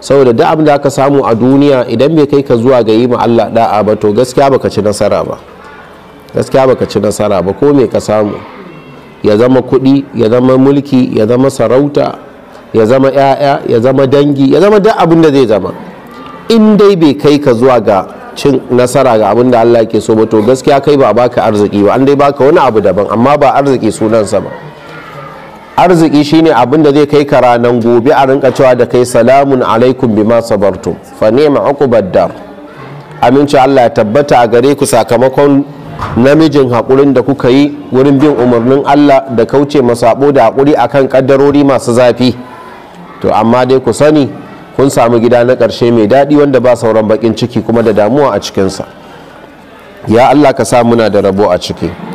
saboda duk abin da aka samu a duniya idan bai kai ka zuwa ga yi ma Allah da'a ba to gaskiya baka ci nasara ba gaskiya baka ci nasara ba ko mai ka samu ya zama kuɗi ya zama mulki ya zama sarauta ya zama ‘ya'ya ya zama dangi ya zama duk abin da zai zama in dai bai kai ka zuwa ga cin nasara ga abin da Allah ke so ba to gaskiya kai ba baka arziki ba an dai baka wani abu daban amma ba arziki sunansa ba arziki shine abin da zai kai ka ranar gobe a rinka cewa da kai salamun alaikum bima sabartum fa ni'ma uqubad dar aminci Allah ya tabbata a gare ku sakamakon namijin hakurin da kuka yi wurin bin umarnin Allah da kauce masabo da haƙuri akan kaddarori masu zafi to amma dai ku sani kun samu gida na karshe mai daɗi wanda ba sauran bakin ciki kuma da damuwa a cikinsa ya Allah ka sa muna da rabo a ciki